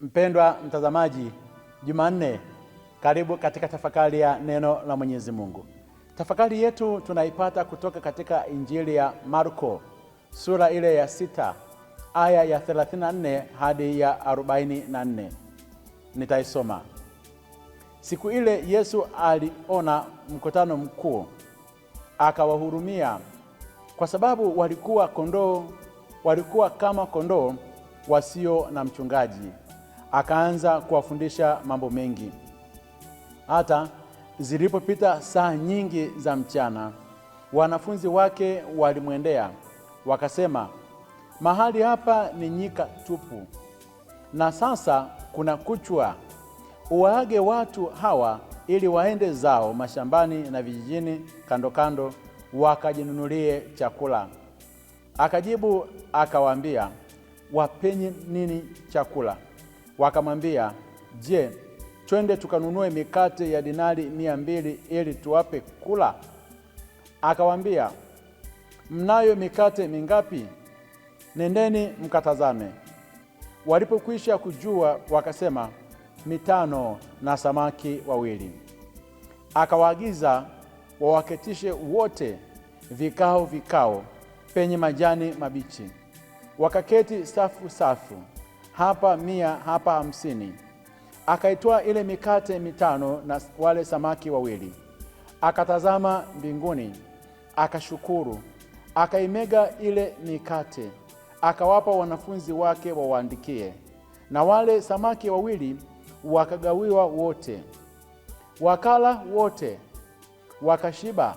Mpendwa mtazamaji, Jumanne, karibu katika tafakari ya neno la Mwenyezi Mungu. Tafakari yetu tunaipata kutoka katika Injili ya Marko sura ile ya sita aya ya 34 hadi ya 44. Nitaisoma. Siku ile Yesu aliona mkutano mkuu, akawahurumia kwa sababu walikuwa kondoo, walikuwa kama kondoo wasio na mchungaji akaanza kuwafundisha mambo mengi. Hata zilipopita saa nyingi za mchana, wanafunzi wake walimwendea wakasema, mahali hapa ni nyika tupu, na sasa kuna kuchwa. Uwaage watu hawa ili waende zao mashambani na vijijini kando kando, wakajinunulie chakula. Akajibu akawaambia, wapenye nini chakula. Wakamwambia, je, twende tukanunue mikate ya dinari mia mbili ili tuwape kula? Akawaambia, mnayo mikate mingapi? Nendeni mkatazame. Walipokwisha kujua wakasema, mitano na samaki wawili. Akawaagiza wawaketishe wote vikao vikao penye majani mabichi, wakaketi safu safu hapa mia, hapa hamsini. Akaitoa ile mikate mitano na wale samaki wawili, akatazama mbinguni, akashukuru, akaimega ile mikate, akawapa wanafunzi wake wawaandikie, na wale samaki wawili wakagawiwa wote. Wakala wote, wakashiba,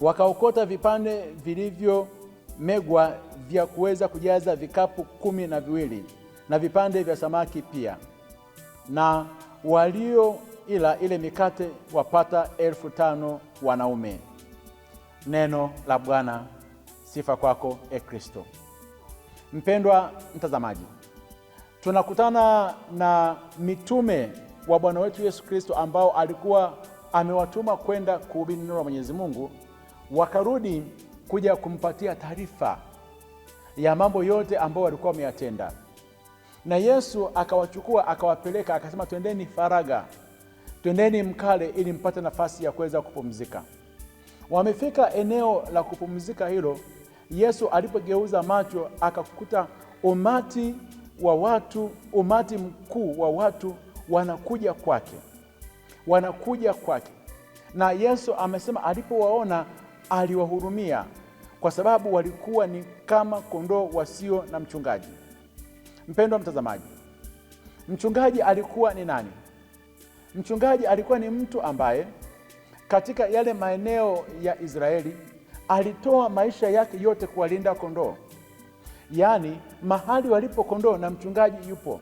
wakaokota vipande vilivyomegwa vya kuweza kujaza vikapu kumi na viwili na vipande vya samaki pia, na walio ila ile mikate wapata elfu tano wanaume. Neno la Bwana. Sifa kwako e Kristo. Mpendwa mtazamaji, tunakutana na mitume wa Bwana wetu Yesu Kristo ambao alikuwa amewatuma kwenda kuhubiri neno la Mwenyezi Mungu, wakarudi kuja kumpatia taarifa ya mambo yote ambayo walikuwa wameyatenda na Yesu akawachukua akawapeleka, akasema twendeni faraga, twendeni mkale, ili mpate nafasi ya kuweza kupumzika. Wamefika eneo la kupumzika hilo, Yesu alipogeuza macho akakuta umati wa watu, umati mkuu wa watu wanakuja kwake, wanakuja kwake. Na Yesu amesema alipowaona aliwahurumia, kwa sababu walikuwa ni kama kondoo wasio na mchungaji. Mpendwa mtazamaji, mchungaji alikuwa ni nani? Mchungaji alikuwa ni mtu ambaye katika yale maeneo ya Israeli alitoa maisha yake yote kuwalinda kondoo, yaani mahali walipo kondoo na mchungaji yupo.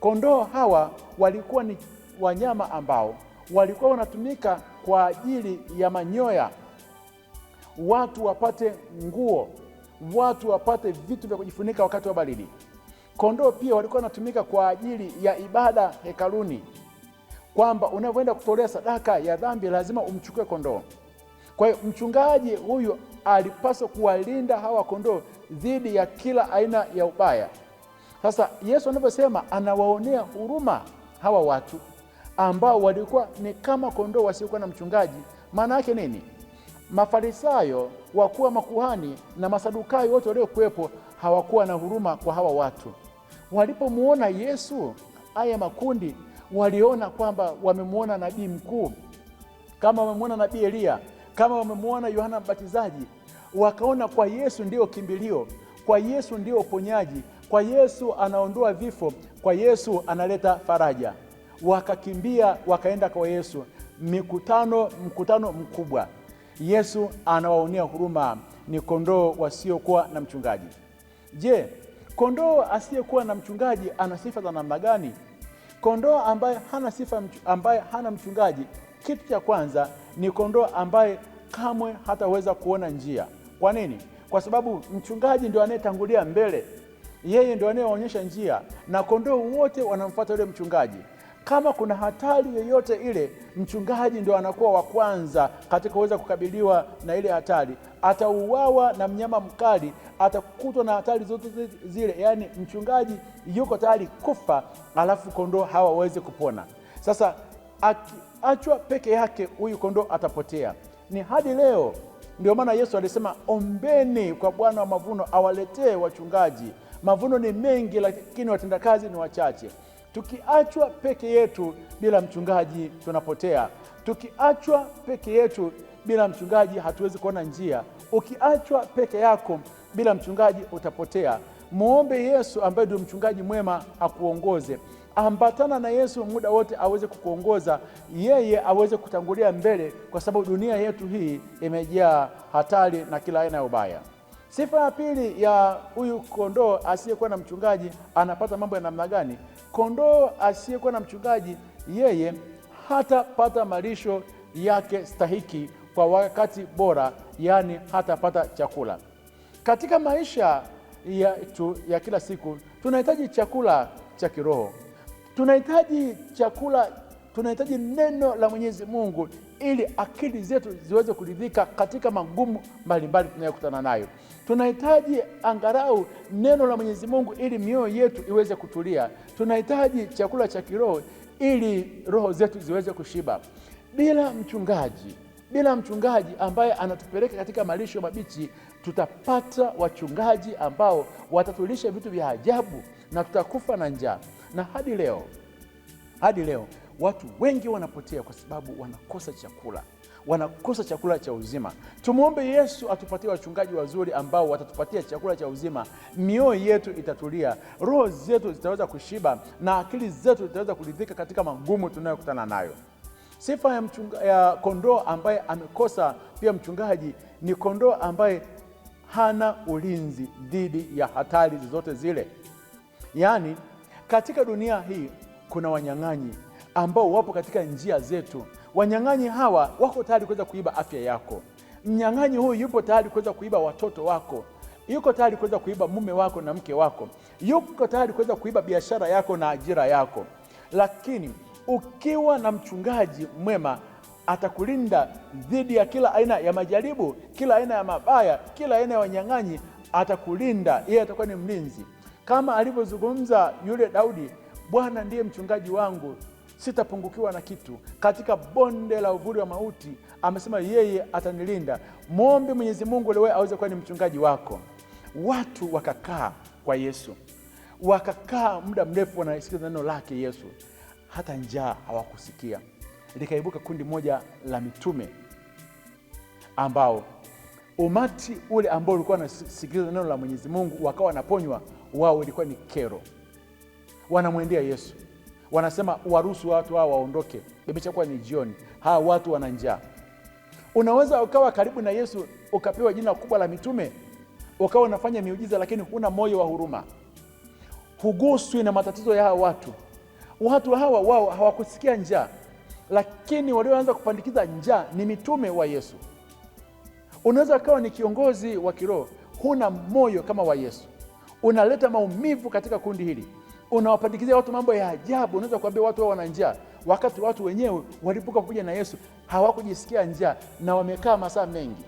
Kondoo hawa walikuwa ni wanyama ambao walikuwa wanatumika kwa ajili ya manyoya, watu wapate nguo, watu wapate vitu vya kujifunika wakati wa baridi. Kondoo pia walikuwa wanatumika kwa ajili ya ibada hekaluni, kwamba unavyoenda kutolea sadaka ya dhambi lazima umchukue kondoo. Kwa hiyo mchungaji huyu alipaswa kuwalinda hawa kondoo dhidi ya kila aina ya ubaya. Sasa Yesu anavyosema anawaonea huruma hawa watu ambao walikuwa ni kama kondoo wasiokuwa na mchungaji. Maana yake nini? Mafarisayo, wakuwa makuhani na Masadukayo wote waliokuwepo hawakuwa na huruma kwa hawa watu. Walipomwona Yesu, haya makundi waliona kwamba wamemwona nabii mkuu, kama wamemwona nabii Eliya, kama wamemwona Yohana Mbatizaji, wakaona kwa Yesu ndiyo kimbilio, kwa Yesu ndiyo uponyaji, kwa Yesu anaondoa vifo, kwa Yesu analeta faraja. Wakakimbia wakaenda kwa Yesu, mikutano mkutano mkubwa. Yesu anawaonea huruma, ni kondoo wasiokuwa na mchungaji. Je, Kondoo asiyekuwa na mchungaji ana sifa za namna gani? Kondoo ambaye hana sifa, ambaye hana mchungaji, kitu cha kwanza ni kondoo ambaye kamwe hataweza kuona njia. Kwa nini? Kwa sababu mchungaji ndio anayetangulia mbele, yeye ndio anayeonyesha njia, na kondoo wote wanamfuata yule mchungaji. Kama kuna hatari yoyote ile, mchungaji ndio anakuwa wa kwanza katika kuweza kukabiliwa na ile hatari. Atauawa na mnyama mkali, atakutwa na hatari zote zile, yaani mchungaji yuko tayari kufa, alafu kondoo hawa kupona. Sasa akiachwa peke yake, huyu kondoo atapotea. Ni hadi leo ndio maana Yesu alisema, ombeni kwa Bwana wa mavuno awaletee wachungaji. Mavuno ni mengi, lakini watendakazi ni wachache. Tukiachwa peke yetu bila mchungaji tunapotea. Tukiachwa peke yetu bila mchungaji hatuwezi kuona njia. Ukiachwa peke yako bila mchungaji utapotea. Muombe Yesu ambaye ndio mchungaji mwema akuongoze. Ambatana na Yesu muda wote aweze kukuongoza, yeye aweze kutangulia mbele, kwa sababu dunia yetu hii imejaa hatari na kila aina ya ubaya. Sifa ya pili ya huyu kondoo asiyekuwa na mchungaji anapata mambo ya namna gani? Kondoo asiyekuwa na mchungaji, yeye hatapata malisho yake stahiki kwa wakati bora, yaani hatapata chakula. Katika maisha yetu ya kila siku tunahitaji chakula cha kiroho, tunahitaji chakula, tunahitaji neno la Mwenyezi Mungu ili akili zetu ziweze kuridhika katika magumu mbalimbali tunayokutana nayo. Tunahitaji angalau neno la Mwenyezi Mungu ili mioyo yetu iweze kutulia. Tunahitaji chakula cha kiroho ili roho zetu ziweze kushiba. Bila mchungaji, bila mchungaji ambaye anatupeleka katika malisho mabichi, tutapata wachungaji ambao watatulisha vitu vya ajabu na tutakufa na njaa. Na hadi leo, hadi leo Watu wengi wanapotea kwa sababu wanakosa chakula, wanakosa chakula cha uzima. Tumwombe Yesu atupatie wachungaji wazuri ambao watatupatia chakula cha uzima, mioyo yetu itatulia, roho zetu zitaweza kushiba na akili zetu zitaweza kuridhika katika magumu tunayokutana nayo. Sifa ya, ya kondoo ambaye amekosa pia mchungaji ni kondoo ambaye hana ulinzi dhidi ya hatari zozote zile. Yaani, katika dunia hii kuna wanyang'anyi ambao wapo katika njia zetu. Wanyang'anyi hawa wako tayari kuweza kuiba afya yako. Mnyang'anyi huyu yupo tayari kuweza kuiba watoto wako, yuko tayari kuweza kuiba mume wako na mke wako, yuko tayari kuweza kuiba biashara yako na ajira yako. Lakini ukiwa na mchungaji mwema atakulinda dhidi ya kila aina ya majaribu, kila aina ya mabaya, kila aina ya wanyang'anyi. Atakulinda yeye, atakuwa ni mlinzi, kama alivyozungumza yule Daudi, Bwana ndiye mchungaji wangu sitapungukiwa na kitu. Katika bonde la uvuli wa mauti, amesema yeye atanilinda. Mwombe Mwenyezi Mungu lewe aweze kuwa ni mchungaji wako. Watu wakakaa kwa Yesu, wakakaa muda mrefu wanaisikiza neno lake Yesu, hata njaa hawakusikia. Likaibuka kundi moja la mitume ambao umati ule ambao ulikuwa wanasikiliza neno la Mwenyezi Mungu wakawa wanaponywa, wao ilikuwa ni kero, wanamwendea Yesu wanasema waruhusu watu hawa waondoke, imeshakuwa ni jioni, hawa watu wana njaa. Unaweza ukawa karibu na Yesu ukapewa jina kubwa la mitume, ukawa unafanya miujiza, lakini huna moyo wa huruma, huguswi na matatizo ya hawa watu. Watu hawa wao hawakusikia njaa, lakini walioanza kupandikiza njaa ni mitume wa Yesu. Unaweza ukawa ni kiongozi wa kiroho, huna moyo kama wa Yesu, unaleta maumivu katika kundi hili unawapandikizia watu mambo ya ajabu. Unaweza kuambia watu wao wana njaa, wakati watu wenyewe walipuka kuja na Yesu hawakujisikia njaa na wamekaa masaa mengi.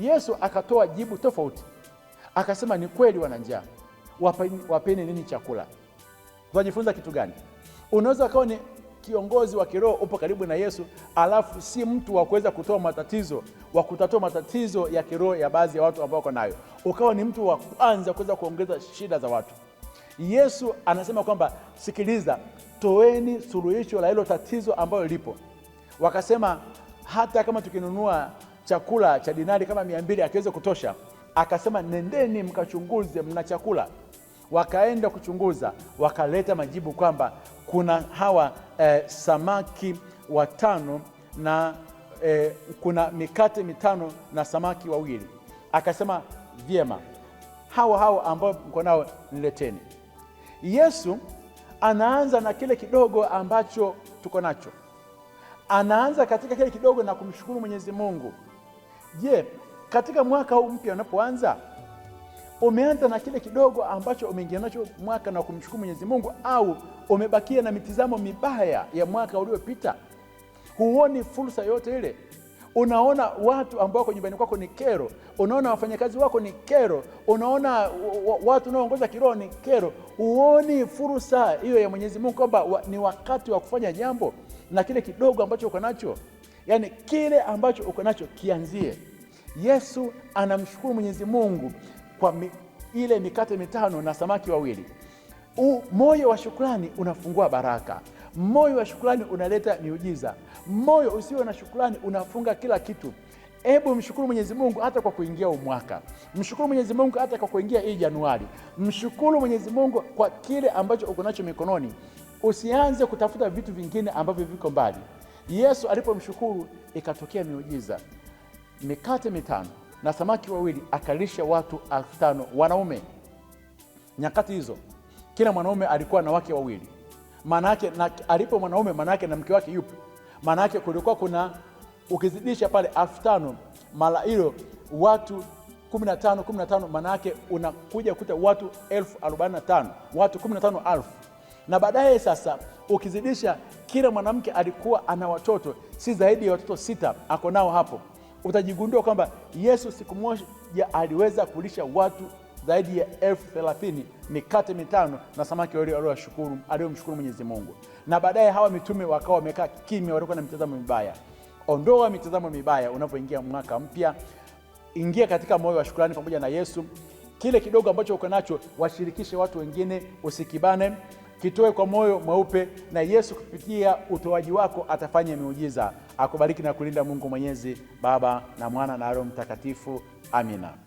Yesu akatoa jibu tofauti, akasema ni kweli wana njaa, wapeni, wapeni nini chakula. Tunajifunza kitu gani? Unaweza ukawa ni kiongozi wa kiroho, upo karibu na Yesu alafu si mtu wa kuweza kutoa matatizo wa kutatua matatizo ya kiroho ya baadhi ya watu ambao wako nayo, ukawa ni mtu wa kwanza kuweza kuongeza shida za watu. Yesu anasema kwamba sikiliza, toeni suluhisho la hilo tatizo ambalo lipo. Wakasema hata kama tukinunua chakula cha dinari kama mia mbili akiweze kutosha. Akasema nendeni mkachunguze, mna chakula. Wakaenda kuchunguza, wakaleta majibu kwamba kuna hawa eh, samaki watano na eh, kuna mikate mitano na samaki wawili. Akasema vyema, hawa hawa ambao mko nao nileteni. Yesu anaanza na kile kidogo ambacho tuko nacho, anaanza katika kile kidogo na kumshukuru Mwenyezi Mungu. Je, katika mwaka huu mpya unapoanza, umeanza na kile kidogo ambacho umeingia nacho mwaka na kumshukuru Mwenyezi Mungu, au umebakia na mitizamo mibaya ya mwaka uliopita? Huoni fursa yote ile unaona watu ambao wako nyumbani kwako ni kero, unaona wafanyakazi wako ni kero, unaona watu unaoongoza kiroho ni kero. Huoni fursa hiyo ya Mwenyezi Mungu kwamba wa, ni wakati wa kufanya jambo na kile kidogo ambacho uko nacho, yaani kile ambacho uko nacho kianzie. Yesu anamshukuru Mwenyezi Mungu kwa mi, ile mikate mitano na samaki wawili. Moyo wa shukrani unafungua baraka. Moyo wa shukrani unaleta miujiza. Moyo usio na shukrani unafunga kila kitu. Hebu mshukuru Mwenyezi Mungu hata kwa kuingia umwaka, mshukuru Mwenyezi Mungu hata kwa kuingia hii Januari, mshukuru Mwenyezi Mungu kwa kile ambacho uko nacho mikononi. Usianze kutafuta vitu vingine ambavyo viko mbali. Yesu alipomshukuru ikatokea miujiza, mikate mitano na samaki wawili, akalisha watu elfu tano wanaume. Nyakati hizo kila mwanaume alikuwa na wake wawili manake na, alipo mwanaume manake na mke wake yupo, manake kulikuwa kuna ukizidisha pale elfu tano mara hilo watu 15 15, manake unakuja kuta watu elfu arobaini na tano watu 15,000 na baadaye sasa ukizidisha, kila mwanamke alikuwa ana watoto si zaidi ya watoto sita ako nao hapo, utajigundua kwamba Yesu siku moja aliweza kulisha watu zaidi ya elfu thelathini mikate mitano na samaki aliyomshukuru Mwenyezi Mungu. Na baadaye hawa mitume wakawa wamekaa kimya, walikuwa na mitazamo mibaya. Ondoa mitazamo mibaya unapoingia mwaka mpya, ingia katika moyo wa shukrani pamoja na Yesu. Kile kidogo ambacho uko nacho washirikishe watu wengine, usikibane, kitoe kwa moyo mweupe, na Yesu kupitia utoaji wako atafanya miujiza. Akubariki na kulinda Mungu Mwenyezi, Baba na Mwana na Roho Mtakatifu. Amina.